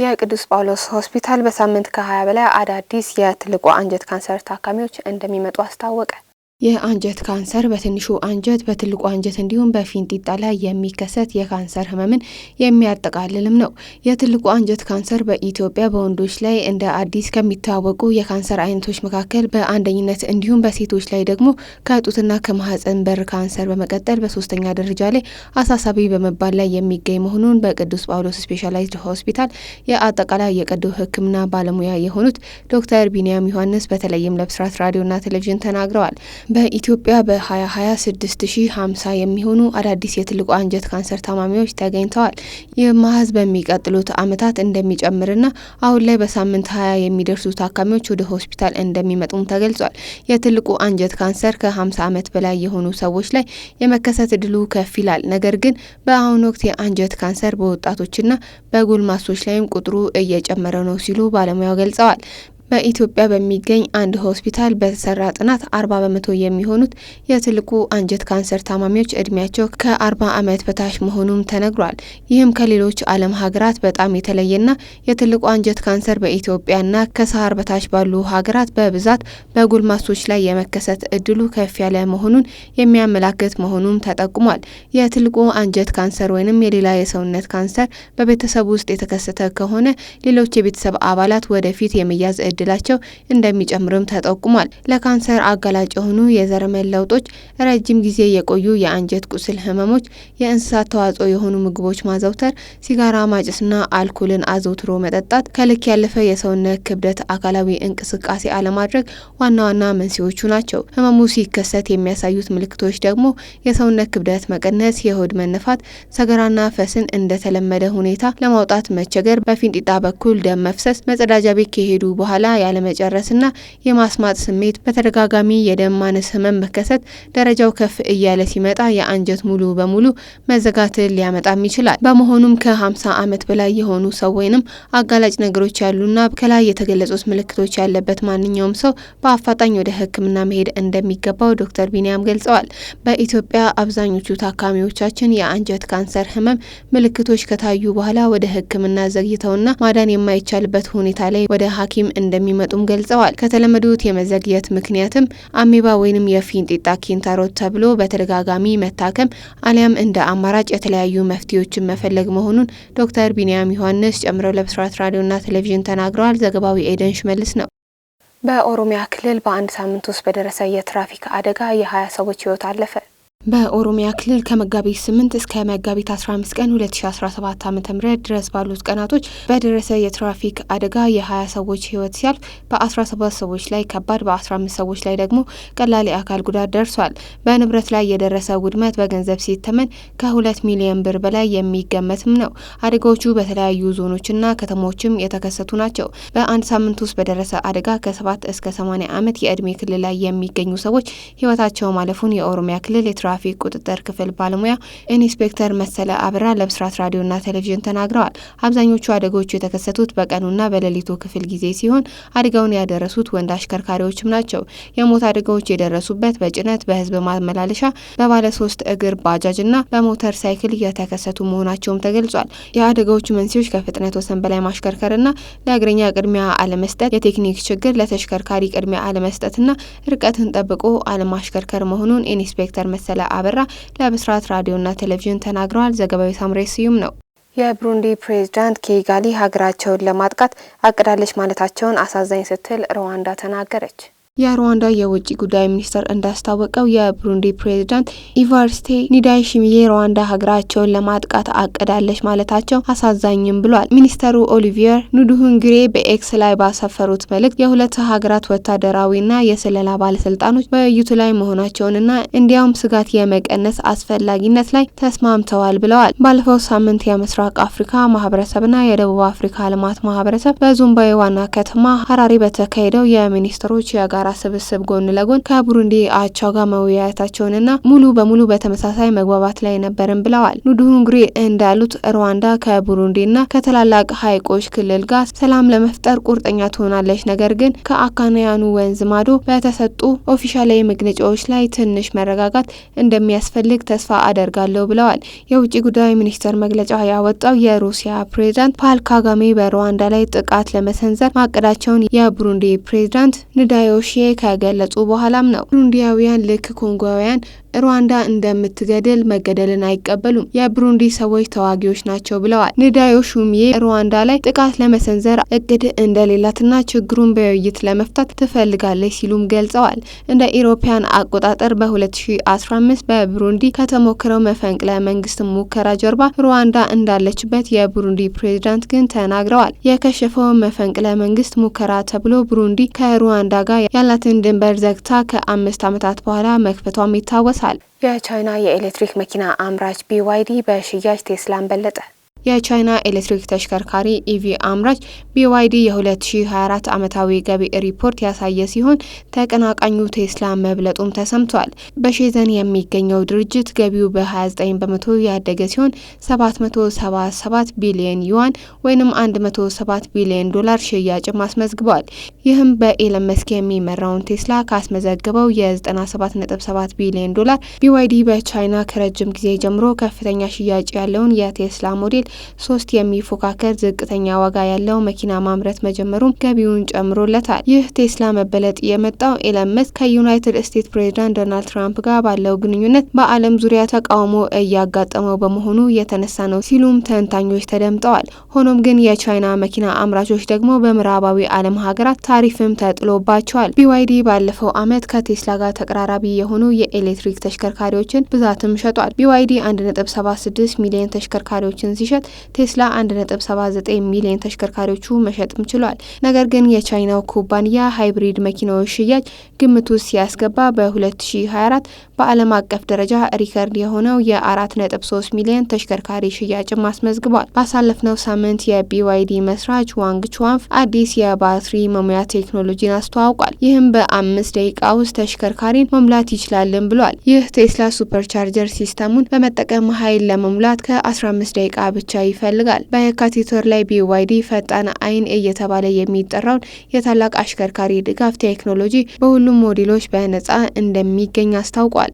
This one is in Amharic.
የቅዱስ ጳውሎስ ሆስፒታል በሳምንት ከ20 በላይ አዳዲስ የትልቁ አንጀት ካንሰር ታካሚዎች እንደሚመጡ አስታወቀ። የአንጀት ካንሰር በትንሹ አንጀት፣ በትልቁ አንጀት እንዲሁም በፊንጢጣ ላይ የሚከሰት የካንሰር ህመምን የሚያጠቃልልም ነው። የትልቁ አንጀት ካንሰር በኢትዮጵያ በወንዶች ላይ እንደ አዲስ ከሚታወቁ የካንሰር አይነቶች መካከል በአንደኝነት እንዲሁም በሴቶች ላይ ደግሞ ከጡትና ከማህፀን በር ካንሰር በመቀጠል በሶስተኛ ደረጃ ላይ አሳሳቢ በመባል ላይ የሚገኝ መሆኑን በቅዱስ ጳውሎስ ስፔሻላይዝድ ሆስፒታል የአጠቃላይ የቀዶ ሕክምና ባለሙያ የሆኑት ዶክተር ቢንያም ዮሐንስ በተለይም ለብስራት ራዲዮና ቴሌቪዥን ተናግረዋል። በኢትዮጵያ በ2020 6050 የሚሆኑ አዳዲስ የትልቁ አንጀት ካንሰር ታማሚዎች ተገኝተዋል። ይህ ማህዝ በሚቀጥሉት ዓመታት እንደሚጨምርና አሁን ላይ በሳምንት 20 የሚደርሱ ታካሚዎች ወደ ሆስፒታል እንደሚመጡም ተገልጿል። የትልቁ አንጀት ካንሰር ከ50 ዓመት በላይ የሆኑ ሰዎች ላይ የመከሰት እድሉ ከፍ ይላል። ነገር ግን በአሁኑ ወቅት የአንጀት ካንሰር በወጣቶችና በጎልማሶች ላይም ቁጥሩ እየጨመረ ነው ሲሉ ባለሙያው ገልጸዋል። በኢትዮጵያ በሚገኝ አንድ ሆስፒታል በተሰራ ጥናት አርባ በመቶ የሚሆኑት የትልቁ አንጀት ካንሰር ታማሚዎች እድሜያቸው ከአርባ ዓመት በታች መሆኑም ተነግሯል። ይህም ከሌሎች ዓለም ሀገራት በጣም የተለየና የትልቁ አንጀት ካንሰር በኢትዮጵያና ከሰሃር በታች ባሉ ሀገራት በብዛት በጉልማሶች ላይ የመከሰት እድሉ ከፍ ያለ መሆኑን የሚያመላክት መሆኑም ተጠቁሟል። የትልቁ አንጀት ካንሰር ወይንም የሌላ የሰውነት ካንሰር በቤተሰብ ውስጥ የተከሰተ ከሆነ ሌሎች የቤተሰብ አባላት ወደፊት የመያዝ እድል እድላቸው እንደሚጨምርም ተጠቁሟል። ለካንሰር አጋላጭ የሆኑ የዘረመል ለውጦች፣ ረጅም ጊዜ የቆዩ የአንጀት ቁስል ህመሞች፣ የእንስሳት ተዋጽኦ የሆኑ ምግቦች ማዘውተር፣ ሲጋራ ማጭስና አልኮልን አዘውትሮ መጠጣት፣ ከልክ ያለፈ የሰውነት ክብደት፣ አካላዊ እንቅስቃሴ አለማድረግ ዋና ዋና መንስኤዎቹ ናቸው። ህመሙ ሲከሰት የሚያሳዩት ምልክቶች ደግሞ የሰውነት ክብደት መቀነስ፣ የሆድ መነፋት፣ ሰገራና ፈስን እንደተለመደ ሁኔታ ለማውጣት መቸገር፣ በፊንጢጣ በኩል ደም መፍሰስ፣ መጸዳጃ ቤት ከሄዱ በኋላ በኋላ ያለመጨረስና የማስማጥ ስሜት፣ በተደጋጋሚ የደም ማነስ ህመም መከሰት፣ ደረጃው ከፍ እያለ ሲመጣ የአንጀት ሙሉ በሙሉ መዘጋትን ሊያመጣም ይችላል። በመሆኑም ከ50 ዓመት በላይ የሆኑ ሰው ወይንም አጋላጭ ነገሮች ያሉና ከላይ የተገለጹት ምልክቶች ያለበት ማንኛውም ሰው በአፋጣኝ ወደ ሕክምና መሄድ እንደሚገባው ዶክተር ቢንያም ገልጸዋል። በኢትዮጵያ አብዛኞቹ ታካሚዎቻችን የአንጀት ካንሰር ህመም ምልክቶች ከታዩ በኋላ ወደ ሕክምና ዘግይተውና ማዳን የማይቻልበት ሁኔታ ላይ ወደ ሐኪም እንደሚመጡም ገልጸዋል። ከተለመዱት የመዘግየት ምክንያትም አሜባ ወይንም የፊንጢጣ ኪንታሮት ተብሎ በተደጋጋሚ መታከም አሊያም እንደ አማራጭ የተለያዩ መፍትሄዎችን መፈለግ መሆኑን ዶክተር ቢንያም ዮሐንስ ጨምረው ለብስራት ራዲዮና ቴሌቪዥን ተናግረዋል። ዘገባው የኤደን ሽመልስ ነው። በኦሮሚያ ክልል በአንድ ሳምንት ውስጥ በደረሰ የትራፊክ አደጋ የሀያ ሰዎች ህይወት አለፈ። በኦሮሚያ ክልል ከመጋቢት 8 እስከ መጋቢት 15 ቀን 2017 ዓ.ም ድረስ ባሉት ቀናቶች በደረሰ የትራፊክ አደጋ የ20 ሰዎች ሕይወት ሲያልፍ በ17 ሰዎች ላይ ከባድ በ15 ሰዎች ላይ ደግሞ ቀላል የአካል ጉዳት ደርሷል። በንብረት ላይ የደረሰ ውድመት በገንዘብ ሲተመን ከ2 ሚሊዮን ብር በላይ የሚገመትም ነው። አደጋዎቹ በተለያዩ ዞኖችና ከተሞችም የተከሰቱ ናቸው። በአንድ ሳምንት ውስጥ በደረሰ አደጋ ከ7 እስከ 8 ዓመት የዕድሜ ክልል ላይ የሚገኙ ሰዎች ሕይወታቸው ማለፉን የኦሮሚያ ክልል የትራ ትራፊክ ቁጥጥር ክፍል ባለሙያ ኢንስፔክተር መሰለ አብራ ለብስራት ራዲዮና ቴሌቪዥን ተናግረዋል። አብዛኞቹ አደጋዎቹ የተከሰቱት በቀኑና በሌሊቱ ክፍል ጊዜ ሲሆን አደጋውን ያደረሱት ወንድ አሽከርካሪዎችም ናቸው። የሞት አደጋዎች የደረሱበት በጭነት በህዝብ ማመላለሻ በባለሶስት እግር ባጃጅና በሞተር ሳይክል የተከሰቱ መሆናቸውም ተገልጿል። የአደጋዎቹ መንስኤዎች ከፍጥነት ወሰን በላይ ማሽከርከርና ለእግረኛ ቅድሚያ አለመስጠት፣ የቴክኒክ ችግር፣ ለተሽከርካሪ ቅድሚያ አለመስጠትና ርቀትን ጠብቆ አለማሽከርከር መሆኑን ኢንስፔክተር መሰለ ታደለ አበራ ለብስራት ራዲዮና ቴሌቪዥን ተናግረዋል። ዘገባዊ ሳምሬ ስዩም ነው። የብሩንዲ ፕሬዝዳንት ኬጋሊ ሀገራቸውን ለማጥቃት አቅዳለች ማለታቸውን አሳዛኝ ስትል ሩዋንዳ ተናገረች። የሩዋንዳ የውጭ ጉዳይ ሚኒስቴር እንዳስታወቀው የብሩንዲ ፕሬዚዳንት ኢቫርስቴ ኒዳይሺሚዬ ሩዋንዳ ሀገራቸውን ለማጥቃት አቅዳለች ማለታቸው አሳዛኝም ብሏል። ሚኒስተሩ ኦሊቪየር ኑዱሁንግሬ በኤክስ ላይ ባሰፈሩት መልእክት የሁለት ሀገራት ወታደራዊና የስለላ ባለስልጣኖች በውይይቱ ላይ መሆናቸውንና እንዲያውም ስጋት የመቀነስ አስፈላጊነት ላይ ተስማምተዋል ብለዋል። ባለፈው ሳምንት የምስራቅ አፍሪካ ማህበረሰብና የደቡብ አፍሪካ ልማት ማህበረሰብ በዙምባዌ ዋና ከተማ ሀራሪ በተካሄደው የሚኒስትሮች ያጋ የጋራ ስብስብ ጎን ለጎን ከቡሩንዲ አቻው ጋር መወያየታቸውንና ሙሉ በሙሉ በተመሳሳይ መግባባት ላይ ነበርም ብለዋል። ኑዱሁንግሪ እንዳሉት ሩዋንዳ ከቡሩንዲና ከትላላቅ ሀይቆች ክልል ጋር ሰላም ለመፍጠር ቁርጠኛ ትሆናለች። ነገር ግን ከአካናያኑ ወንዝ ማዶ በተሰጡ ኦፊሻላዊ መግለጫዎች ላይ ትንሽ መረጋጋት እንደሚያስፈልግ ተስፋ አደርጋለሁ ብለዋል። የውጭ ጉዳይ ሚኒስቴር መግለጫ ያወጣው የሩሲያ ፕሬዝዳንት ፓል ካጋሜ በሩዋንዳ ላይ ጥቃት ለመሰንዘር ማቀዳቸውን የቡሩንዲ ፕሬዝዳንት ንዳዮሽ ሺ ከገለጹ በኋላም ነው። ቡሩንዲያውያን ልክ ኮንጓውያን ሩዋንዳ እንደምትገድል መገደልን አይቀበሉም፣ የብሩንዲ ሰዎች ተዋጊዎች ናቸው ብለዋል። ንዳዮ ሹሚዬ ሩዋንዳ ላይ ጥቃት ለመሰንዘር እቅድ እንደሌላትና ችግሩን በውይይት ለመፍታት ትፈልጋለች ሲሉም ገልጸዋል። እንደ ኢሮፓያን አቆጣጠር በ2015 በብሩንዲ ከተሞክረው መፈንቅለ መንግስት ሙከራ ጀርባ ሩዋንዳ እንዳለችበት የብሩንዲ ፕሬዚዳንት ግን ተናግረዋል። የከሸፈው መፈንቅለ መንግስት ሙከራ ተብሎ ብሩንዲ ከሩዋንዳ ጋር ያላትን ድንበር ዘግታ ከአምስት ዓመታት በኋላ መክፈቷም ይታወሳል። ይታወሳል። የቻይና የኤሌክትሪክ መኪና አምራች ቢዋይዲ በሽያጭ ቴስላን በለጠ። የቻይና ኤሌክትሪክ ተሽከርካሪ ኢቪ አምራች ቢዋይዲ የ2024 ዓመታዊ ገቢ ሪፖርት ያሳየ ሲሆን ተቀናቃኙ ቴስላ መብለጡም ተሰምቷል። በሼዘን የሚገኘው ድርጅት ገቢው በ29 በመቶ ያደገ ሲሆን 777 ቢሊዮን ዩዋን ወይም 107 ቢሊዮን ዶላር ሽያጭም አስመዝግቧል። ይህም በኤለን መስክ የሚመራውን ቴስላ ካስመዘግበው የ97.7 ቢሊዮን ዶላር ቢዋይዲ በቻይና ከረጅም ጊዜ ጀምሮ ከፍተኛ ሽያጭ ያለውን የቴስላ ሞዴል ሶስት የሚፎካከር ዝቅተኛ ዋጋ ያለው መኪና ማምረት መጀመሩም ገቢውን ጨምሮለታል። ይህ ቴስላ መበለጥ የመጣው ኤለን መስክ ከዩናይትድ ስቴትስ ፕሬዚዳንት ዶናልድ ትራምፕ ጋር ባለው ግንኙነት በዓለም ዙሪያ ተቃውሞ እያጋጠመው በመሆኑ የተነሳ ነው ሲሉም ተንታኞች ተደምጠዋል። ሆኖም ግን የቻይና መኪና አምራቾች ደግሞ በምዕራባዊ ዓለም ሀገራት ታሪፍም ተጥሎባቸዋል። ቢዋይዲ ባለፈው ዓመት ከቴስላ ጋር ተቀራራቢ የሆኑ የኤሌክትሪክ ተሽከርካሪዎችን ብዛትም ሸጧል። ቢዋይዲ 1.76 ሚሊዮን ተሽከርካሪዎችን ሲሸጥ መሰረት ቴስላ 1.79 ሚሊዮን ተሽከርካሪዎቹ መሸጥም ችሏል። ነገር ግን የቻይናው ኩባንያ ሃይብሪድ መኪናዎች ሽያጭ ግምት ውስጥ ሲያስገባ በ2024 በዓለም አቀፍ ደረጃ ሪከርድ የሆነው የ4.3 ሚሊዮን ተሽከርካሪ ሽያጭም አስመዝግቧል። ባሳለፍነው ሳምንት የቢዋይዲ መስራች ዋንግ ቹዋንፍ አዲስ የባትሪ መሙያ ቴክኖሎጂን አስተዋውቋል። ይህም በአምስት ደቂቃ ውስጥ ተሽከርካሪን መሙላት ይችላልን ብሏል። ይህ ቴስላ ሱፐር ቻርጀር ሲስተሙን በመጠቀም ኃይል ለመሙላት ከ15 ደቂቃ ብቻ ብቻ ይፈልጋል። በየካቲት ወር ላይ ቢዋይዲ ፈጣን አይን እየተባለ የሚጠራውን የታላቅ አሽከርካሪ ድጋፍ ቴክኖሎጂ በሁሉም ሞዴሎች በነጻ እንደሚገኝ አስታውቋል።